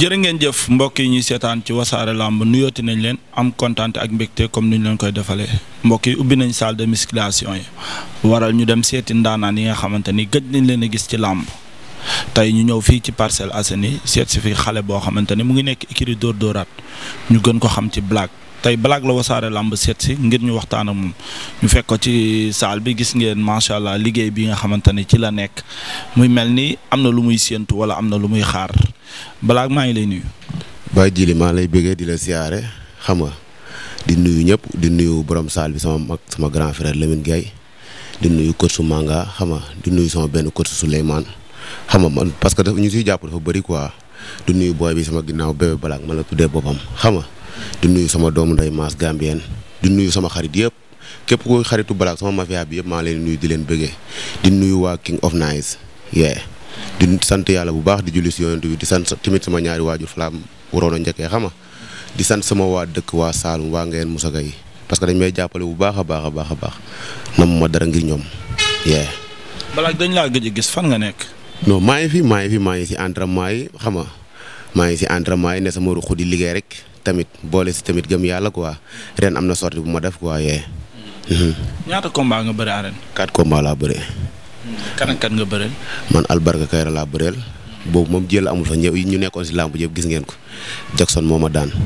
jërë ngeen jëf mbokk yi ñuy seetaan ci wasaare làmb nuyooti nañ leen am kontaan ak mbégte comme nu ñu leen koy defalee mbokk yi ubbi nañ salle de musculation yi waral ñu dem seeti ndaanaan yi nga xamante ni gëj nañ leen a gis ci làmb tey ñu ñëw fii ci parcelle Assainies seet si fi xale boo xamante ni mu ngi nekk écurie Dóor Dóoraat ñu gën ko xam ci Black tey balaag la wasaare làmb seet si ngir ñu waxtaan ak moom ñu fekk ci saal bi gis ngeen macha allah liggéey bi nga xamante ne ci la nekk muy mel ni am na lu muy séentu wala am na lu muy xaar balaag maa ngi lay nuyu. Baye Djili maa lay bëggee di la siyaare xam nga di nuyu ñëpp di nuyu borom saal bi sama mag sama grand frère Lamine Gueye di nuyu kër su Manga xam nga di nuyu sama benn kër su Souleymane xam nga man parce que dafa ñu siy jàpp dafa bari quoi di nuyu booy bi sama ginnaaw bébé balaag ma la boppam xam nga di nuyu sama doomu nday maas Gambien di nuyu sama xarit yëpp képp ku xaritu balaak sama mafia bi yëpp maa leen nuyu di leen bëggee di nuyu waa King of Nice yee di sant yàlla bu baax di julli si yonent bi di sant timit sama ñaari waajur falaam waroon a njëkkee xama di sant sama waa dëkk waa Saalum waa Ngeen Musaga yi parce que dañ may jàppale bu baax a baax a baax a baax nam ma dara ngir ñoom yee balaak dañ laa gëj a gis fan nga nekk non maa ngi fi maa maa ngi si entraînement yi xama maa ngi si entraînement yi ne sama ruq di liggéey rek tamit boole si tamit gëm yàlla ko quoi ren am na sorti bu ma def quoi yee. Mhm. ñaata combat nga bëri arène. quatre combat laa bëree. Hmm, kan ak kan nga bëreel. man albarka kayra laa bëreel. boobu moom jël amul fa ñëw ñu nekkoon si làmb yëpp gis ngeen ko Jackson moo ma daan. Hmm.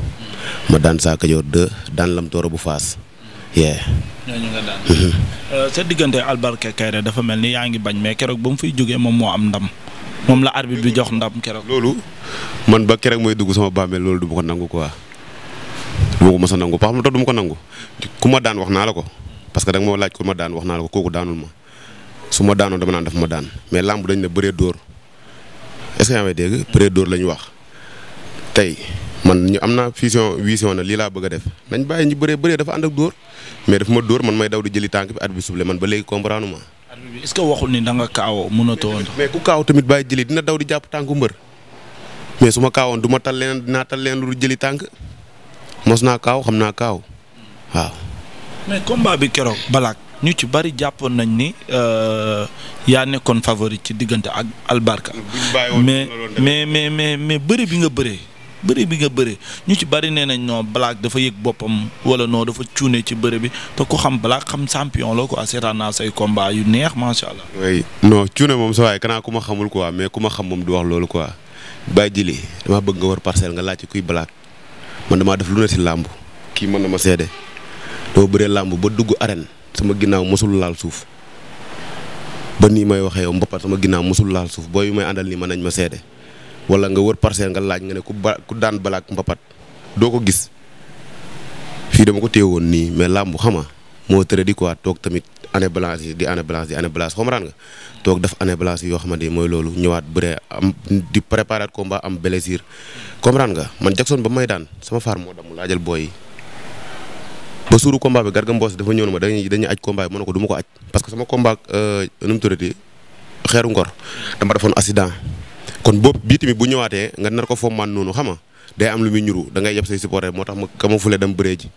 ma daan saa Kajoor 2 daan lam tooro bu faas. yee. Mhm. Euh, sa diggante albarka kayra dafa mel ni yaa ngi bañ mais keroog ba mu fiy jógee moom moo am ndam. moom la arbitre bi jox ndam keroog. loolu man ba keroog mooy dugg sama bàmmeel loolu du ko nangu quoi. duma ko mos a nangu pax lu tax ma ko ma la ko parce que da nga ma laaj ku la ko kooku daanul ma su ma daanoon dama naan daf ma daan mais làmb dañ ne bëree dóor est ñu wax tey man a def nañ bàyyi ñu bëree ma dóor man may daw di jëli tànk bi at bi suble man ba léegi comprendre ma. est-ce ni da nga kaawoo mënatoo woon mais ku kaaw tamit bàyyi jëli dina daw di jàpp tànku mbër mais su ma kaawoon du tal leen dinaa tal leen lu jëli tànk mos naa kaaw xam naa kaaw waaw. mais combat bi keroog Balak ñu ci bari jàppoon nañ ni euh, yaa nekkoon favori ci diggante ak albarka. mais mais mais mais mais bëri bi nga bëree. bëri bi nga bëri ñu ci bari nee nañ non Balak dafa yëg boppam wala noo dafa cuune ci bëri bi te ku xam Balak xam champion la quoi seetaan naa say combat yu neex macha allah. oui non cuune moom sa waay kanaa ku ma xamul quoi mais ku ma xam moom du wax loolu quoi. bàyyi jili dama bëgg nga war parcelle nga laajte kuy Balak. man damaa def lu ne si làmb kii mën na ma seede dama bëree làmb ba dugg aren sama ginnaaw mosul laal suuf ba nii may waxee yow mbappat sama ginnaaw mosul laal suuf booy yu may àndal nii mën nañ ma seede wala nga wër parcelle nga laaj nga ne ku ba ku daan balaak mbapat doo ko gis fii dama ko téye woon nii mais làmb xama moo tëra di quoi toog tamit année blanche yi di année blanche di année blanche comprendre nga toog def année blanche yi yoo xamante ni mooy loolu am di préparer combat am blessure comprendre nga man Jackson ba may daan sama faar moo damm laajal booy yi ba suuru combat bi Garga Mbossé dafa ñëw na ma dañuy dañuy aj combat bi ma ko du ma ko aj parce que sama combat euh, nu mu tëratee xeeru ngor dama defoon accident kon boobu bii tamit bu ñëwaatee nga nar ko fommaan noonu xam nga day am lu muy ñuru da ngay yeb say supporter moo tax ma ka ma fule dem bëree ji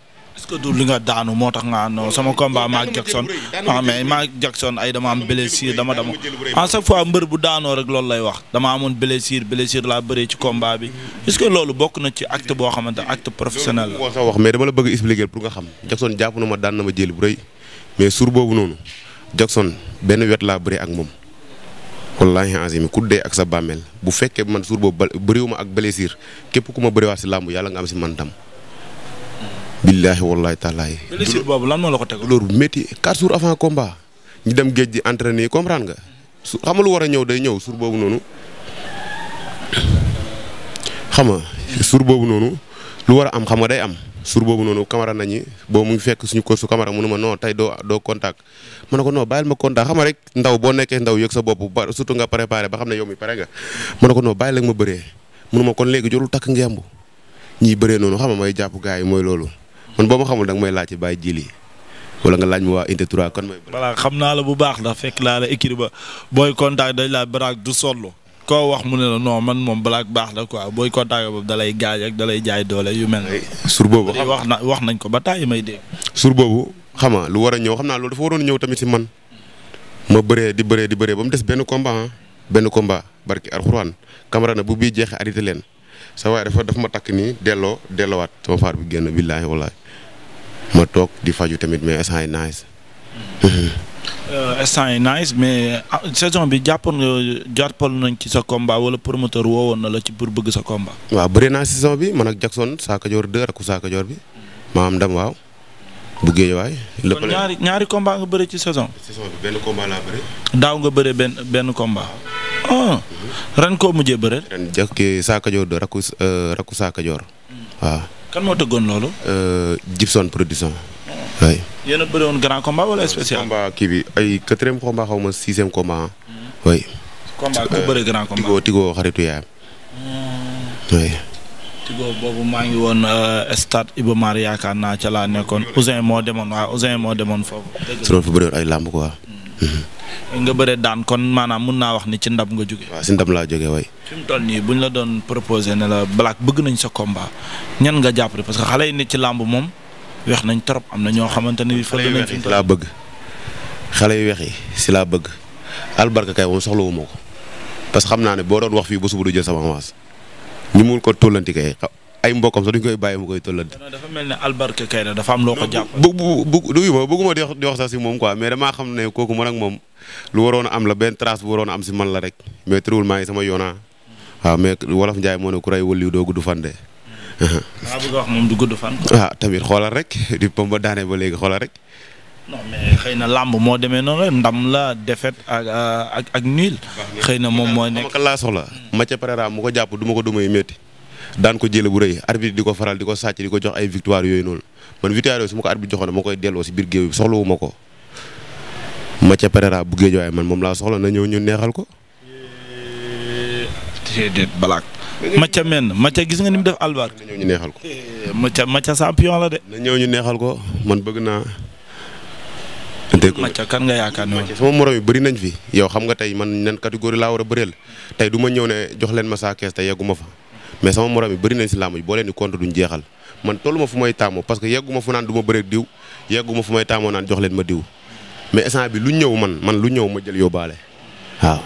ce que du li nga daanu moo tax nga non sama combat maak Jackson ah mais maak Jackson ay dama am blessure dama dama à chaque fois mbër bu daanoo rek loolu lay wax dama amoon blessure blessure laa bëree ci combat bi est-ce que loolu bokk na ci acte boo xamante acte professionnel la. boo wax mais dama la bëgg expliquer pour nga xam Jackson jàpp na ma daan na ma jël bu rëy mais suur boobu noonu Jackson benn wet laa bëree ak moom. wallaahi azim ku dee ak sa bàmmeel bu fekkee man suur boobu bëriwuma ak blessure képp ku ma bëriwaat si làmb yàlla nga am si man tam billaahi wallaahi taalaahi. blessure boobu lan moo la ko teg. loolu métti quatre jours avant combat ñu dem géej di entraîner comprendre nga su xam lu war a ñëw day ñëw suur boobu noonu xam nga suur boobu noonu lu war a am xam nga day am. suur boobu noonu camara nañi boo mu ngi fekk suñu course su camara mu ne ma non tey doo doo contact mu ne ko non bàyyil ma contact ndaw boo nekkee ndaw yëg sa bopp ba surtout nga préparé ba xam ne yow mi pare nga ma ne ko non bàyyi la ma bëree mu kon léegi jorul takk ngemb ñiy bëree noonu xam nga may jàpp yi mooy loolu man boobu xamul danga may laaj ci Baye wala nga laaj ma waa Unité 3 kon mooy. voilà xam naa la bu baax ndax fekk naa la écrit ba booy contact dañ laa baraag du sollu koo wax mu ne la non man moom balaa baax la quoi booy contact boobu dalay gaañ ak dalay jaay doole yu mel. sur boobu xam wax na wax nañ ko ba taay may dégg. suur boobu xam nga lu war a ñëw xam naa loolu dafa waroon ñëw tamit si man ma bëree di bëree di bëree ba mu des benn combat ah, benn combat barki alxuraan Camara na bu bii jeexee leen sa waaye dafa ma takk nii delloo delloowaat sama bi génn billaahi wallaahi ma toog di faju tamit mais instant yi nice. Euh, instant yi nice mais ah, saison bi jàppoon nga jàppal nañ ci sa combat wala promoteur woon na la ci pour bëgg sa combat. waaw bëri naa saison bi man ak Jackson saakajoor Joor 2 ak bi maam am ndam waaw. bu géej waay. kon ñaari ñaari combat nga bëri ci saison. saison bi benn combat daaw nga bëri benn benn combat. Ah, mhm. ren koo mujjee bëre. ren jàkkee Saaka Joor rakku euh, rakku mm. waaw. kan moo tëggoon loolu. Euh, Gibson production. waay ah. yéen a bëri woon grand combat wala spécial. combat kii ay quatrième combat xaw ma sixième combat hmm. ku euh, bëri grand combat Tigo xaritu yaayam. Hmm. Tigo boobu maa ngi woon euh, stade Iba Mar yaakaar naa ca nekkoon Ousin moo demoon waaw Ousin moo demoon foofu. dëgg la su woon ay làmb nga bëre daan kon maanaam mun naa wax ni ci ndam nga jóge waaw si ndam laa jóge way fi mu toll nii buñ la doon proposé ne la Black bëgg nañ sa komba ñan nga jàppale parce que xale yi ne ci làmb moom weex nañ trop am na ñoo xamante ne. xale yu weex yi laa bëgg xale yu weex yi si laa bëgg. albarka kay moom soxlawu ma ko parce que xam naa ne boo doon wax fii ba suba du jël sama avance ñu mun ko tollanti kay ay mbokkam sax duñ koy bàyyi mu koy tëllante. dafa mel ne Albarka Kairé dafa am loo ko jàpp. bu bu bu bëgguma di wax di wax sax si moom quoi mais damaa xam ne kooku man ak moom lu waroon a am la benn trace bu waroon a am si man la rek mais tërëwul maa ngi sama yoonaa ah. waaw mais wolof Ndiaye moo ne ku rey wëliw doo gudd fan de. waaw bëgg gudd fan. waaw ah, tamit xoolal rek di ba daane ba léegi xoolal rek. xëy na làmb moo demee noonu rek ndam la défaite ak ak ak xëy na moom moo nekk laa soxla. ma ca préra mu ko jàpp du ma ko dumay métti daan ko jële bu rëy arbitre di ko faral di ko sàcc di ko jox ay victoire yooyu noonu man victoire yooyu su ma ko arbitre joxoon ma koy delloo si biir géew bi ma ko Mathia Pereira bu géej waaye man moom laa soxla na ñëw ñu neexal ko. déedéet balaak. Mathia men Mathia gis nga ni def albaar. na ñëw ñu neexal ko. Eh, Mathia Mathia champion la de. na ñëw ñu neexal ko man bëgg naa. dégg Mathia kan nga yaakaar ne Mathia sama morom yi bari nañ fi yow xam nga tey man nen catégorie laa war a bëreel tey du ma ñëw ne jox leen ma saa kees te yegguma fa. mais sama moroom yi bëri nañ si làmb yi boo leen di compte duñ jeexal man tollu ma fu may taamoo parce que yeggu ma fu naan du ma bëreeg diw yeggu ma fu may taamoo naan jox leen ma diw mais instant bi lu ñëw man man lu ñëw ma jël yóbbaale waaw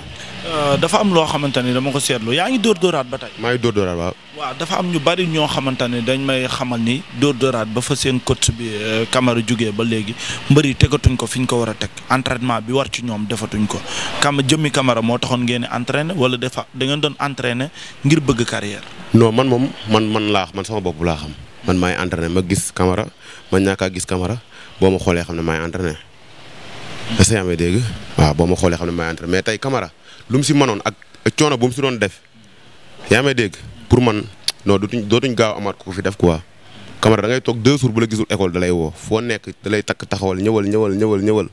Euh, dafa am loo xamante ni dama ko seetlu yaa ngi door dóoraat ba tey. maa ngi dóor dóoraat waaw. waaw dafa am ñu bari ñoo xamante ne dañ may xamal ni dóor dóoraat ba fa seen coach bi euh, Camara jugee ba léegi mbër yi tegatuñ ko fi ñu ko war a teg entraînement bi war ci ñoom defatuñ ko kam jëmmi kamara moo taxoon ngeen di entraîner wala dafa da ngeen doon entraîner ngir bëgg carrière. non man moom man man laa man sama bopp laa xam man maay entraîner ma gis Camara man kaa gis kamara boo ma xoolee xam ne maay entraîner. est-ce que may dégg waaw boo ma xoolee xam ne maay mais tey Camara lu mu si manoon ak coono bu mu si doon def yaa may dégg pour man non dootuñ dootuñ gaaw amaat ko fi def ko Camara da ngay toog deux jours bu la gisul école da lay woo foo nekk da lay takk taxawal ñëwal ñëwal ñëwal ñëwal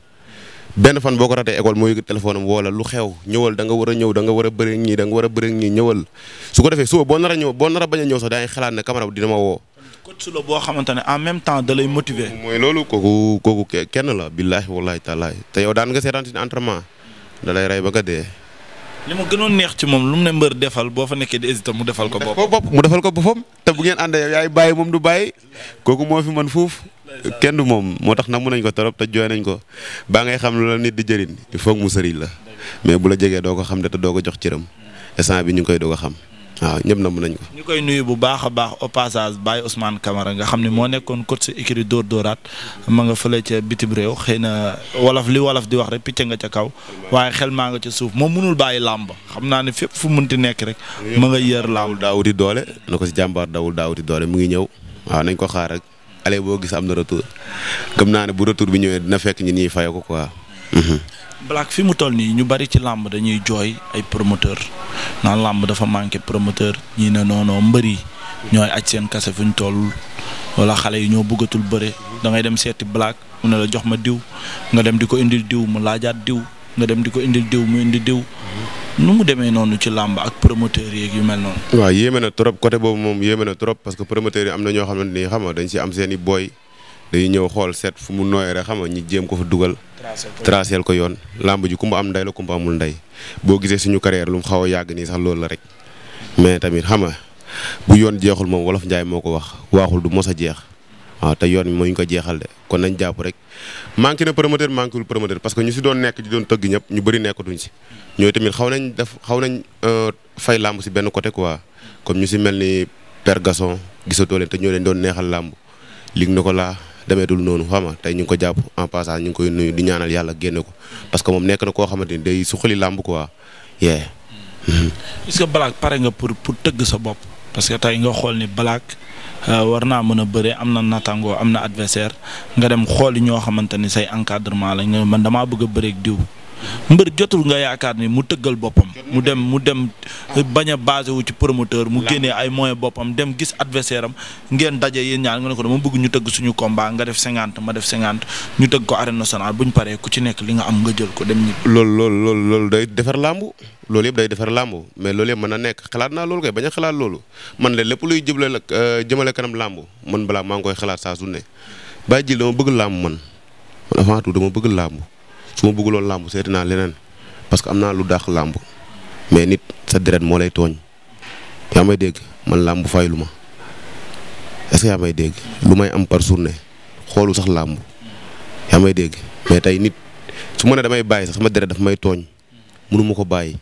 benn fan boo ko ratee école moo yëg téléphone am xew ñëwal da nga war a da nga war bëri ñii da nga war a bëri ñii ñëwal su ko defee suba boo nar a ñëw boo nar a a ñëw sax daa ngi ne Camara dina ma woo. coach la boo xamante ne en temps da lay motiver. mooy loolu kooku kooku kenn la billaahi wallaahi taalaa te yow daan nga seetaan si entraînement da lay rey ba nga dee. li ma gënoon neex ci moom lu mu ne mbër defal boo fa nekkee di hésité mu defal ko bopp mu defal ko boppam te bu ngeen àndee yow yaay bàyyi moom du bàyyi kooku moo fi man fuuf kenn du moom moo tax namu nañ ko trop te jooy nañ ko baa ngay xam lu la nit di jëriñ il faut mu sëriñ la mais bu la jegee doo ko xam de te doo ko jox cëram instant bi ñu ngi koy doo ko xam waaw ñëpp na mën nañ ko. ñu koy nuyu bu baax a baax au passage osmaan Ousmane nga xam ne moo nekkoon coach su écurie Dóor Dóoraat ma nga fële ca bitim réew xëy na wolof li wolof di wax rek picc nga ca kaw waaye xel maa nga ca suuf moom mënul bàyyi làmb xam naa ne fépp fu ti nekk rek. ma nga yër làmb daawuti doole na ko si jàmbaar dawul daawuti doole mu ngi ñëw waaw nañ ko xaar rek ale boo gis am na retour gëm naa ne bu retour bi ñëwee dina fekk ñi nii fay ko quoi. Mhm. Black fi mu toll nii ñu bari ci làmb dañuy jooy ay promoteur naan làmb dafa manqué promoteur ñii ne noonoo mbëri ñooy aj seen kase fu ñu toll wala xale yi ñoo buggatul bëre da ngay dem seeti Black mu ne la jox ma diw nga dem di ko indil diw mu laajaat diw nga dem di ko indil diw mu indi diw nu mu demee noonu ci làmb ak promoteur yeeg yu mel noonu. waaw yéeme na trop côté boobu moom yéeme na trop parce promoteur yi am na ñoo xamante ni xam na dañ si am seeni i booy. dañuy ñëw xool seet fu mu nooyee rek xam nga ñu jéem ko fa dugal. traceel ko yoon làmb ji ku mu am ndey la ku mu amul ndey boo gisee suñu carrière lu mu xaw a yàgg nii sax loolu la rek mais tamit xam nga bu yoon jeexul moom wolof Njaay moo ko wax waaxul du mos a jeex waaw te yoon bi moo ko jeexal de kon nañ jàpp rek manqué na promoteur manqué wul promoteur parce que ñu si doon nekk di doon tëgg ñëpp ñu bëri nekkatuñ si. ñooy tamit xaw nañ def xaw nañ euh, fay làmb si benn côté quoi comme ñu si mel ni Père Gasson gisatoo leen te ñoo leen doon neexal làmb lig na ko laa demeetul noonu xam nga tey ñu ngi ko jàpp en passant ñu ngi koy nuyu di ñaanal yàlla génne ko parce que moom nekk na koo xamante ni day suqali làmb quoi yee. est-ce que Black pare nga pour pour tëgg sa bopp parce que tey nga xool ni Black euh, war naa mën a bëre am na nattangoo am na adversaire nga dem xool ñoo xamante ni say encadrement la nga man damaa bëgg a bëreeg diw. mbër jotul nga yaakaar ni mu tëggal boppam mu dem mu dem bañ a basé wu ci promoteur mu génnee ay moyens boppam dem gis adversaire am ngeen daje yéen ñaar nga ne ko dama bëgg ñu tëgg suñu combat nga def cinquante ma def cinquante ñu tëgg ko arène nationale bu ñu paree ku ci nekk li nga am nga jël ko dem ñi loolu day defar làmb loolu yëpp day defar làmb mais loolu mën na nekk xalaat naa loolu kay bañ a man la lépp luy jëble euh, jëmale kanam làmb man balaa maa ngi koy xalaat saa su ne bàyyi ji dama bëgg làmb man man avant tout dama bëgg làmb su ma loolu làmb seeti naa leneen parce que am naa lu dàq làmb mais nit sa deret moo lay tooñ yaa may dégg man làmb fay lu ma est-ce yaa may dégg lu may am par journée xoolu sax làmb yaa may dégg mais tey nit su ma ne damay bàyyi sax sama deret daf may tooñ mënu ko bàyyi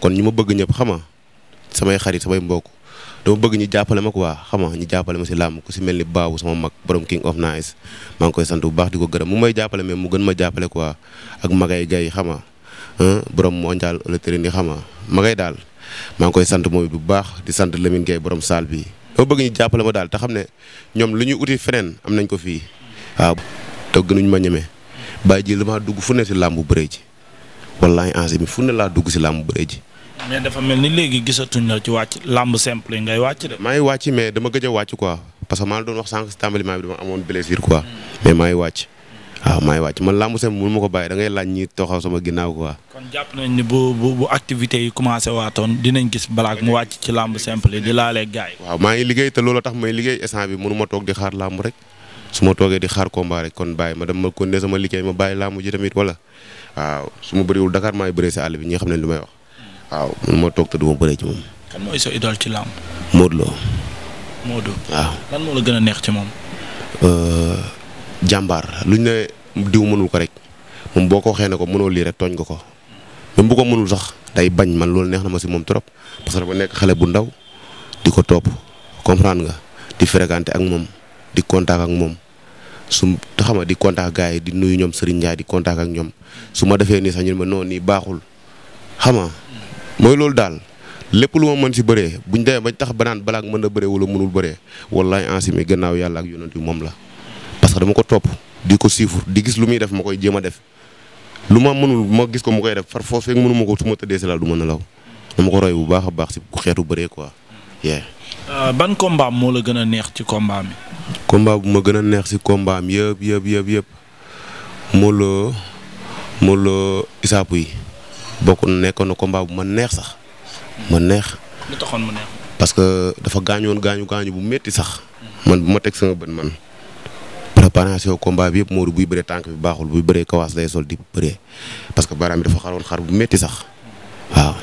kon ñu ma bëgg ñëpp xama samay xarit samay mbokk dama bëgg ñu jàppale ma quoi xam nga ñu jàppale ma si làmb ku si mel ni baabu sama mag borom king of nice maa ngi koy sant bu baax di ko gërëm mu may gën ma jàppale quoi ak magay gay xam nga borom mondial ni xam nga magay daal maa ngi koy sant moom bu baax di sant Lamine Gueye borom saal bi bëgg ñu jàppale ma daal te xam ne ñoom lu ñuy uti feneen am nañ ko fii waaw te gënuñ ma ñeme bàyyi ji la maa dugg fu ne si làmb bëree ji wallaahi ansi mi fu ne laa dugg si làmb bëree ji mais dafa mel ni léegi gisatuñ la ci wàcc làmb simple yi ngay wàcc de. maa ngi wàcc mais dama gëj a wàcc quoi parce que maa la doon wax sànq si tàmbali maa bi dama amoon blessure quoi maa ngi wàcc. waaw wàcc man làmb simple mënu ma ko bàyyi da ngay sama ginnaaw quoi. kon jàpp yi commencé waatoon dinañ gis balaak mu wàcc ci làmb simple yi di laalee gaay waaw maa ngi liggéey te loolu tax may liggéey instant bi mënu ma toog di xaar làmb rek su ma toogee di xaar combat rek kon bàyyi ma dem ma continuer sama liggéey ma bàyyi làmb ji tamit wala waaw su ma bëriwul Dakar maay bëree si àll bi ñi xam ne lu may wax waaw moo toog te du ma bëree ci moom. kan mooy sa idole ci làmb. Modou Lo. Modou. waaw lan moo la gën a neex ci moom. Euh, jàmbaar lu luñ ne diw mënul ko rek moom boo ko waxee ne ko mënoo lii rek tooñ nga ko même bu ko mënul sax day bañ man loolu neex na ma si moom trop parce que dafa nekk xale bu ndaw di ko topp comprendre nga di fréquenter ak moom di contact ak moom su xam nga di contact gars yi di nuyu ñoom Serigne Ndiaye ak ñoom su ma defee nii sax ñu ne ma non nii baaxul xam nga mooy loolu daal lépp lu ma mën si bëree buñ demee ba tax ba naan balaak mën a bëree wala mënul bëree wallaay ansimi gannaaw yàlla ak yonent bi moom la parce que dama ko topp di ko siifur di gis lu muy def ma koy jéem a def lu ma mënul ma gis ko ma koy def far foofu feeg mënu ma ko su ma tëddee si laal du ma nelaw dama ko roy bu baax a baax si xeetu bëree quoi. Euh, ban combat moo la gën a neex ci combat mi. bu ma gën a neex si combat am yëpp yëpp yëpp yëpp yi bokk nekkoon na combat bu ma neex sax. ma neex. lu taxoon mu neex. parce que dafa gaañoon gaañu gaañu bu métti sax. man bu ma teg sama bët man. préparation combat bi yëpp Modou buy bëree tànk bi baaxul buy bëree kawaas day sol di bëree parce que baaraam bi dafa xaroon xar bu métti sax waaw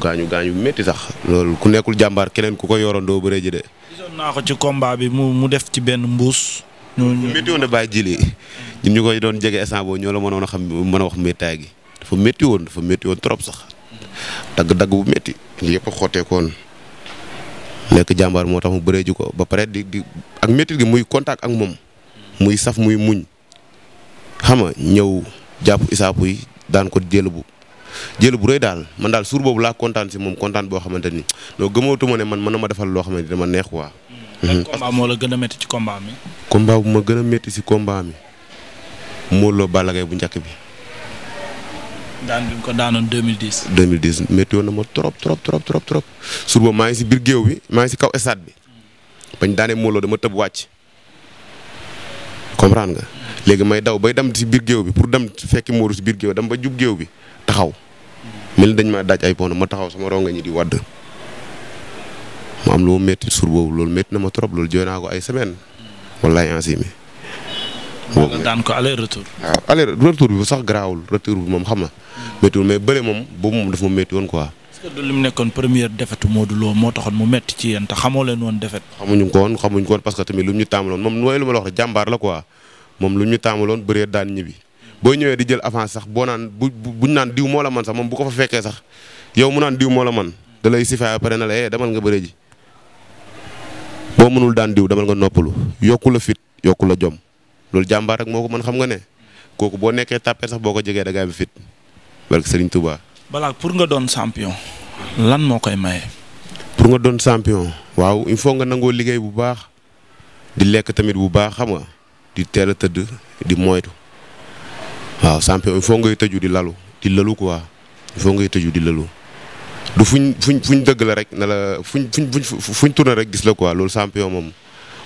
gaañu gaañu bu metti sax loolu ku nekkul jàmbaar keneen ku ko yoroon doo bëree ji de. gisoon ci combat bi mu mu def ci benn mbuus. ñu métti woon na bàyyi jili mm. ñu koy doon jege instant boobu ñoo la mënoon a mën a wax méttaay gi. dafa métti woon dafa métti trop sax dagg-dagg bu métti yépp a xotteekoon nekk jàmbaar moo tax mu bëree ji ko ba pare di di ak métti gi muy contact ak moom muy saf muy muñ xam nga ñëw jàpp isaapu yi daan ko jël bu jël bu rëy daal man daal suur boobu laa kontaan si moom kontaan boo xamante ni non gëmootuma ne man mën na ma defal loo xamante ni dama neex waa mm. mm-hmm. combat moo la gën a métti ci combat mi. combat bu ma gën a métti si combat mi Modou Lo Balla bu njëkk bi. daan ko daanoon 2010. 2010 métti woon na ma trop trop trop trop trop sur boobu maa ngi si biir géew bi maa ngi si kaw stade bi bañ daanee Mawlo dama tëb wàcc comprendre nga. léegi may daw bay dem si biir géew bi pour dem fekki Mawlo si biir géew dem ba jub géew bi taxaw mel dañ maa daaj ay pono ma taxaw sama ronga ñi di wadd mu am lu ma métti sur boobu loolu métti na ma trop loolu jooy naa ko ay semaine wallaay ensimé. boobu daan ko aller retour. waaw aller retour bi sax garaawul retour bi moom xam na. méttiwul mais bëre moom boobu mu daf ma quoi. est mu nekkoon première défaite Modou Lo moo taxoon mu metti ci yéen xamoo leen woon défaite. xamuñu ko woon xamuñu ko woon que tamit lu ñu tàmbaloon moom mooy lu ma la moom lu ñu tàmbaloon bëree daan ñibbi boo ñëwee di jël avance sax boo naan bu buñ naan diw moo la man sax moom bu ko fa fekkee sax yow mu naan diw moo la man da lay sifaay pare na la eh demal nga bëre ji boo mënul daan diw demal nga noppalu yokku la fit yokku la jom loolu jàmbaar rek moo ko mën xam nga ne kooku boo nekkee tàppee sax boo ko jegee da ngay barke Serigne Touba. balaa pour nga doon champion. lan moo koy maye. pour nga doon champion. waaw il faut nga nangoo liggéey bu baax di lekk tamit bu baax xam nga di teel a tëdd di moytu waaw champion il faut ngay tëju di lalu di lalu quoi il faut ngay tëju di lalu. du fuñ fuñ fuñ dëgg la rek na la fuñ fuñ fuñ tourné rek gis la quoi loolu champion moom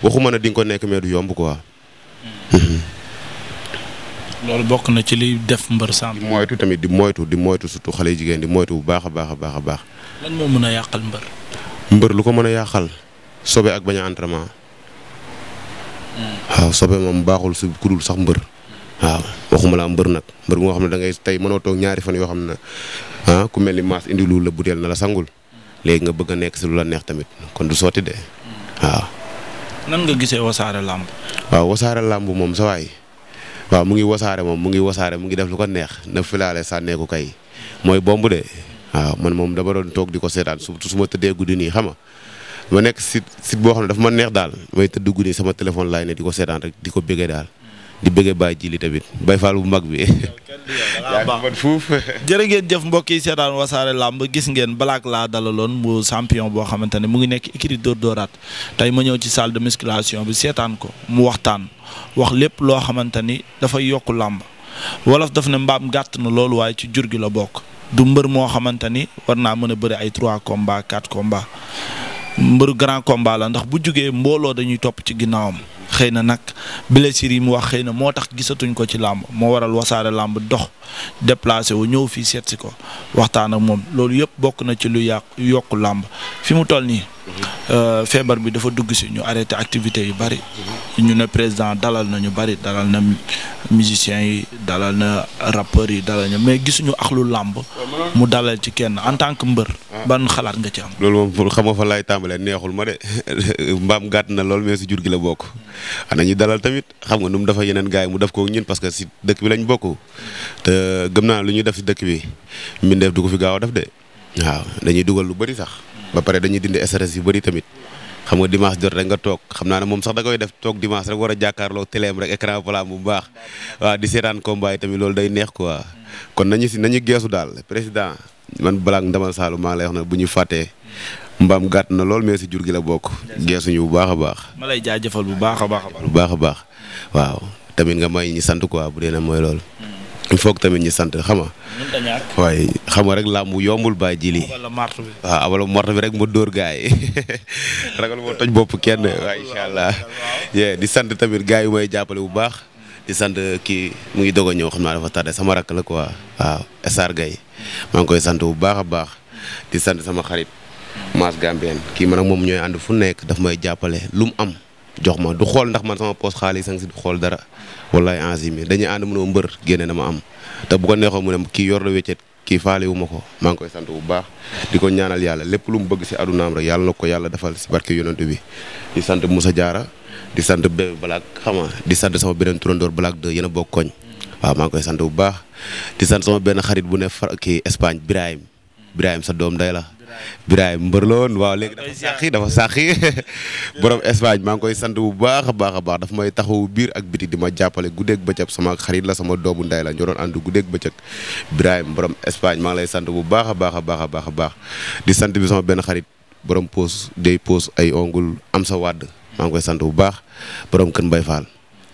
waxuma na di nga ko nekk mais du yomb quoi. Hmm. Hmm. loolu bokk na ci liy def mbër sàmm. di moytu tamit di moytu di moytu surtout xale yu jigéen di moytu bu baaxa a baax a baax a lan moo mën a yàqal mbër. mbër lu ko mën a yàqal sobe ak bañ a hmm. waaw sobe moom baaxul si ku sax mbër. waaw waxuma laa mbër nag mbër bu xam ne da ngay tey mënoo ñaari fan yoo xam ne ah ku mel ni maas indi lu la butéel na la sangul hmm. léegi nga bëgg a nekk si la neex tamit kon du sotti de hmm. waaw. nga gisee wasaare làmb. waaw wasaare làmb moom sawaay waaw mu ngi wasaare moom mu ngi wasaare mu ngi def lu ko neex na filaale sànneeku kay mooy bomb de waaw man moom dama doon toog di ko seetaan surtout su ma tëddee guddi nii xam nga ma nekk site site boo xam ne dafa ma neex daal may tëdd guddi sama téléphone laay ne di ko seetaan rek di ko bëggee daal di bëggee Baye Jili tamit Baye Fall bu mag bi. jërë ngeen jëf mbokk yi seetaan wasaare làmb gis ngeen balaak laa dalaloon mu sampion boo xamante ne mu ngi nekk écurie Dóor Dóoraat tey ma ñëw ci salle de musculation bi seetaan ko mu waxtaan wax lépp loo xamante ni dafay yokk làmb wolof daf ne mbaam gàtt na loolu waaye ci jur gi la bokk du mbër moo xamante ni war naa mën a bëri ay 3 combats 4 combats mbër grand combat la ndax bu jugee mbooloo dañuy topp ci ginnaawam. xëy na nag blessure yi mu wax xëy na moo tax gisatuñ ko ci làmb moo waral wasaare làmb dox déplacé wu ñëw fii seet si ko waxtaan ak moom loolu yëpp bokk na ci lu yàq yokku làmb fi mu toll nii Euh, feebar bi dafa dugg si ñu arrêté activité yu bëri ñu ne président dalal na ñu bari dalal na musiciens yi dalal na rappeurs yi dalal na mais gisuñu axlu làmb mu dalal ci kenn en tant que mbër ban xalaat nga ci am loolu moom xam nga fa laay tàmbalee neexul ma de mbaam gàtt na lool mee si jur gi la bokk na ñu dalal tamit xam nga nu mu dafa yeneen gars yi mu def ko ñun parce que si dëkk bi lañ bokk te gëm naa lu ñuy def si dëkk bi mbindeef du ko fi gaaw a def de waaw dañuy dugal lu bëri sax ba pare dañuy dindi stress yu bëri tamit xam nga dimanche jot rek nga toog xam naa ne moom sax da koy def toog dimanche rek war a jàkkaarloo téléem rek écran plat bu baax waaw di seetaan combat yi tamit loolu day neex quoi. kon nañu si nañu geesu daal président man Blanc Ndamal Saloum maa ngi lay wax bu ñu fàttee mbaam gàtt na lool mee si jur gi la bokk. geesuñu bu baax a baax. ma lay jaajëfal bu baax a baax. bu baax a baax waaw tamit nga may ñu sant quoi bu dee na mooy loolu. il faut tamit ñu sant xam nga. waaye xam nga rek làmb yombul baa ji lii. wala marte bi waaw ah, wala marte bi rek ma dóor gaay ragal moo toj bopp kenn waaye incha di sant tamit gaay yu may jàppale bu baax. di sant kii mu ngi doog a ñëw xam naa dafa tardé sama rakk la quoi waaw Essar Gaye maa ngi koy sant bu baax a baax. di sant sama xarit. Mass Gambien kii man moom ñooy ànd fu nekk daf may jàppale lu mu am. jox ma du xool ndax man sama poos xaalis sang si du xool dara wallaay enzime dañuy ànd mënoo mbër génne na ma am te bu ko neexoo mu ne kii yor la wéccet kii faale ma ko maa ngi koy sant bu baax di ko ñaanal yàlla lépp lu mu bëgg si adunaam rek ko yàlla defal si barke yonent bi di sant Moussa Diarra di sant bébé Black xama di sant sama beneen turandoor Black de yéen a bokk koñ waaw maa ngi koy sant bu baax di sant benn xarit bu ne far kii Espagne Birahim Birahim sa doom day la Biraay mbër la woon waaw léegi dafa sàqi dafa sàqi borom Espagne maa ngi koy sant bu baax a baax a baax dafa may taxawu biir ak biti di ma jàppale guddeeg bëccëg sama xarit la sama doomu nday la ñoroon doon ànd guddeeg bëccëg Biraay borom Espagne maa ngi lay sant bu baax a baax a baax a baax a baax di sant bi sama benn xarit borom poos day poos ay ongul am sa wàdd maa ngi koy sant bu baax borom Kër Mbay Fall.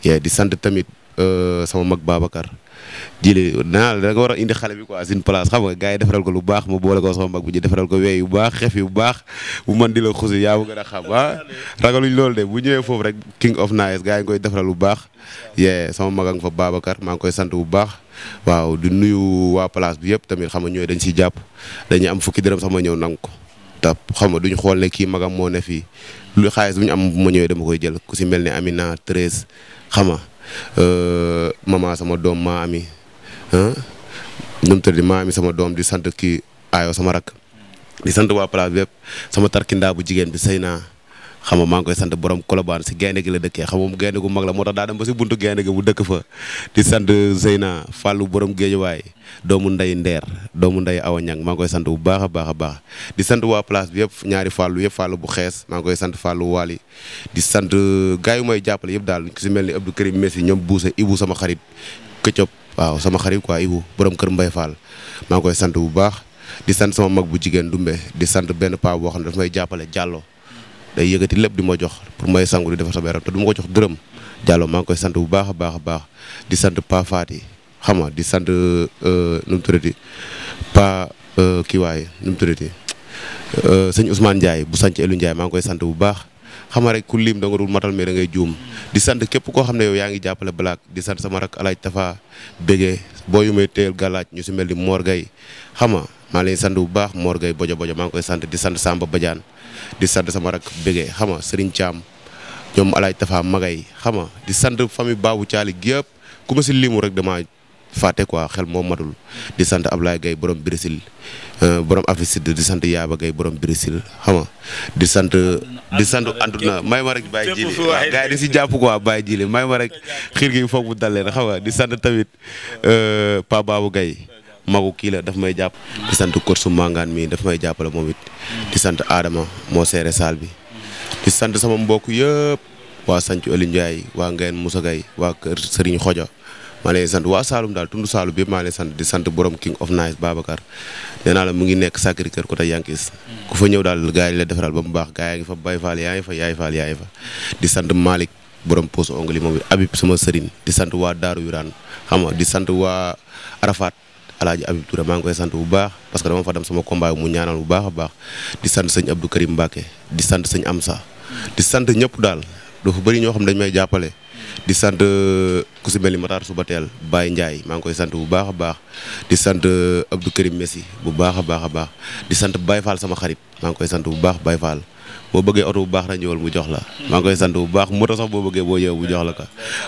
di sant tamit euh, sama mag Babacar. jili naa la da nga war a indi xale bi quoi sin place xam nga yi defaral ko lu baax ma boole ko sama mag bu ji defaral ko weey yu baax xef yu baax bu man di la xusi yaa bu a xam ah ragaluñ loolu de bu ñëwee foofu rek king of nice gars yi koy defaral lu baax sama mag a nga fa Babacar maa ngi koy sant bu baax waaw di nuyu waa place bi yëpp tamit xam nga ñooy dañ siy jàpp dañuy am fukki dërëm sama ñëw nangu ko tap xam nga duñ xool ne kii magam moo ne fii lu xaalis bu ñu am ma ñëwee dama koy jël ku si mel ne Amina 13 xam nga Euh, mama sama doom maa ami ñoom tëdd maa sama doom di sant kii aayoo sama rak di sant waa place bépp sama tarkindaa bu jigéen bi sëy naa xam nga maa ngi koy sant borom Colobane si gaynde gi la dëkkee xam moom gaynde gu mag la moo tax daa dem ba si buntu gaynde gi bu dëkk fa di sant Zeyna Fallou borom Géejawaay doomu nday Ndeer doomu nday Awa Ñang maa ngi koy sant bu baax a baax a baax di sant waa place yëpp ñaari Fallou yëpp Fallou bu xees maa ngi koy sant Fallou Waly sant euh, gars yu may jàppale yëpp daal si mel ni Abdou Karim Messi ñoom buusa Ibu sama xarit Këccëb waaw sama xarit quoi kër Mbay Fall maa ngi koy sant bu baax di sant mag bu jigéen dumbee di sant benn paa boo xam ne daf may jàppale Jàllo day yëgati lépp di ma jox pour may sangu di defar sama te du ma jox dërëm Diallo maa ngi koy sant bu baax a baax baax di sant paa faati xam nga di sant euh, nu mu tuddati Pa euh, kii waay nu mu tuddati euh, sëñ Ousmane Ndiaye bu sant Elou njaay maa ngi koy sant bu baax. xam nga rek ku lim da nga matal mais da ngay juum di sant képp koo xam ne yow yaa ngi jàppale Black di sant sama rak alaaj Tafa Bégé boo yu may téyel galaaj ñu si mel ni moor gay xam nga maa ngi leen sant bu baax moor gay bojo bojo maa ngi koy sant di sant Samba Badiane di sant sama rek bëggee xam nga Serigne Thiam ñoom alaaj Tafa Magay xam nga di sant fami baabu Thiali gépp ku ma si limu rek damaa fàtte quoi xel moo matul di sant Ablaye gay borom Brésil euh, borom Afrique Sud di sant Yaaba Gaye borom Brésil xam nga di sant di sant àdduna may ma rek bàyyi jili waaw gars yi di si jàpp quoi bàyyi jili may ma rek xiir gi foog mu dal leen xam nga di sant tamit euh, Pa Babou gay magu kiila la daf may jàpp di sant korsu mangaan mii dafa may jàppale moom it di sant Adama moo seere saal bi di sant sama mbokk yëpp waa sancu Aliou Ndiaye waa Ngeen Moussa Gaye waa kër Serigne Xoja maa leen sant waa Saalum daal tund Saalum bi maa leen sant di sant borom King of Nice Babacar nee naa mu ngi nekk Sacré Cœur côté Yankis ku fa ñëw daal gars yi la defaral ba mu baax gars yaa ngi fa Baye Fall yaa ngi fa yaay Fall yaa di sant Malick borom pose ongle yi moom it Habib sama sëriñ di sant waa Daaru Wiraan xam nga di sant waa Arafat alaaji Abib Touré maa ngi koy sant bu baax parce que dama fa dem sama combat mu ñaanal bu baax a baax di sant sëñ Abdou Karim Mbacke di sant sëñ Amsa di sant ñëpp daal dafa bëri ñoo xam dañ may jàppale di sant ku si mel ni Matar Subatel Baye Ndiaye maa ngi koy sant bu baax a baax di sant Abdou Karim Messi bu baax a baax a baax di sant Baye Fall sama xarit maa ngi koy sant bu baax baay Fall boo bëggee oto bu baax rek ñëwal mu jox la maa ngi koy sant bu baax moto sax boo bëggee boo ñëw mu jox la ko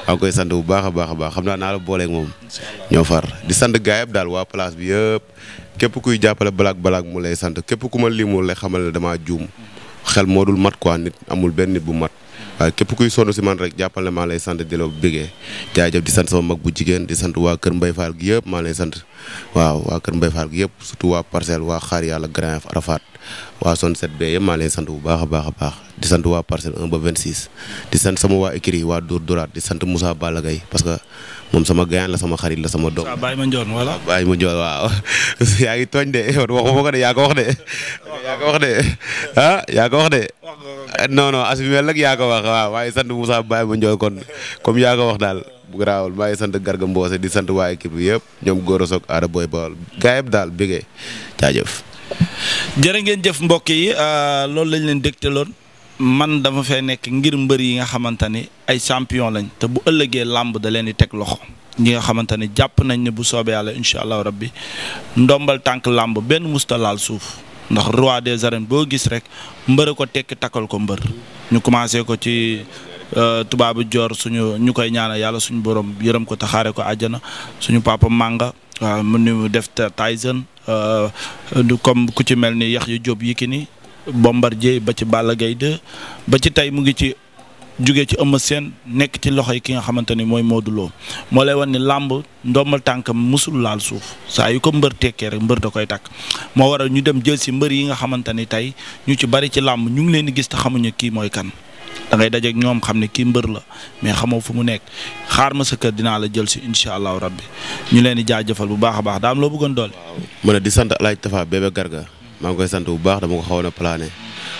maa ngi koy sant bu baax a baax a baax xam naa naa la booleeg moom ñoo far di sant gaay yëpp daal waa place bi yëpp képp kuy jàppale balaak balaak mu lay sant képp ku ma limul lay xamal ne damaa juum xel moo dul mat quoi nit amul benn nit bu mat waaye képp kuy sonn si man rek jàppale maa lay sant di la bégee jaajëf di sant sama jigéen di sant waa kër Mbaye Fall gi yëpp maa lay sant waaw waa kër Mbaye Fall gi yëpp surtout waa parcelle waa xaar yàlla Grand Yoff Arafat waa zone 7B yëpp maa leen sant bu baax a baax a baax di sant waa parcelle 1 ba 26. di sant sama waa écrit waa Dóor Dóoraat di sant Moussa Balla Gaye parce que moom sama gayaan la sama xarit la sama doom. yaa ko wax de. yaa ko wax de ah wax waaw waaye sant Moussa bàyyi ma njoon kon comme yaa wax daal. garaawul maa ngi sant Garga Mbossé di sant waa équipe bi yëpp ñoom Goro Sock Ada Boy Baol gaa yëpp daal bégee jaajëf. jërë ngeen jëf mbokk yi euh, loolu lañ leen dégteloon man dama fee nekk ngir mbër yi nga xamante ni ay champion lañ te bu ëllëgee làmb da leen di teg loxo ñi nga xamante ni jàpp nañ ne bu soobee yàlla incha allahu rabbi ndombal tànk làmb benn musta suuf ndax roi des arènes boo gis rek mbër ko tekk takkal ko mbër ñu commencé ko ci. Euh, tubaabu joor suñu ñu koy ñaanal yàlla suñu borom yërëm ko taxaare ko àjjana suñu papa Manga waaw mu ni def Tyson euh, du comme ku ci mel ni yax yu jóob Yaxya ni bombar Bombardier ba ci Balla Gaye 2 ba ci tey mu ngi ci jóge ci Eumeu seen nekk ci loxo yi ki nga xamante ni mooy Modou Lo moo lay wan ni làmb ndombal tànkam musul laal suuf saa yu ko mbër tekkee rek mbër da koy takk moo waral ñu dem jël si mbër yi nga xamante ni tey ñu ci bari ci làmb ñu ngi leen di gis t xamuñu kii mooy kan. da ngay dajeeg ñoom xam ne kii mbër la mais xamoo fu mu nekk xaar ma sa kër dinaa la jël si incha allahu rabbi ñu leen di jaajëfal bu baax a baax daam loo bëggoon doole. waaw mën di sant El Hadj Tafa Bébé Garga maa ngi koy sant bu baax dama ko xawoon a plané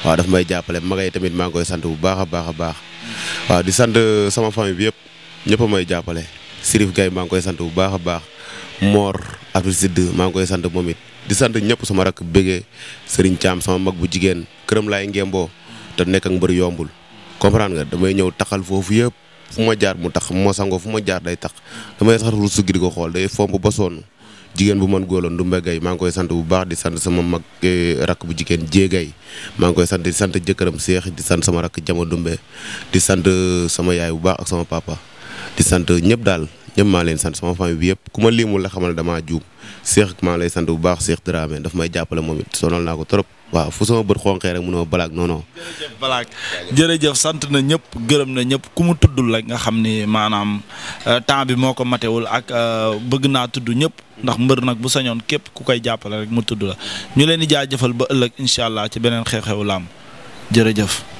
waaw daf may jàppale magay tamit maa ngi koy sant bu baax a baax a baax waaw di sant uh, sama famille bi yëpp ñëpp a may jàppale Sirif Gaye maa ngi koy sant bu baax a baax Mor Abdou Sid maa ngi koy sant moom it di sant ñëpp sama rakk bégee Serigne Thiam sama mag bu jigéen këram laay ngemboo te nekk mbër yombul comprendre nga damay ñëw taxal foofu yëpp fu ma jaar mu tax moo sangoo fu ma jaar day tax damay sax ru sugg di ko xool day fomp ba sonn jigéen bu man góoloon du mbéggay maa ngi koy sant bu baax di sant sama mag eh, rakk bu jigéen jéegay maa ngi koy sant di sant jëkkëram seex di sant sama rakk jama dumbe di sant eh, sama yaay bu baax ak sama papa di sant ñëpp daal ñëpp maa leen sant sama famille bi yëpp ku ma liimul la xamal damaa juum Cheikh maa lay sant bu baax Cheikh Dramé daf may jàppale moom it sonal naa ko trop waaw fu sama bët xonqee rek munoo balaak non non. jërëjëf jërëjëf sant na ñëpp gërëm na ñëpp ku mu tuddul rek nga xam ni maanaam euh, temps bi moo ko matewul ak euh, bëgg naa tudd ñëpp ndax mbër nag bu sañoon képp ku koy jàppale rek mu tudd la ñu leen di jaajëfal ba ëllëg incha allah ci beneen xew-xewu jërëjëf.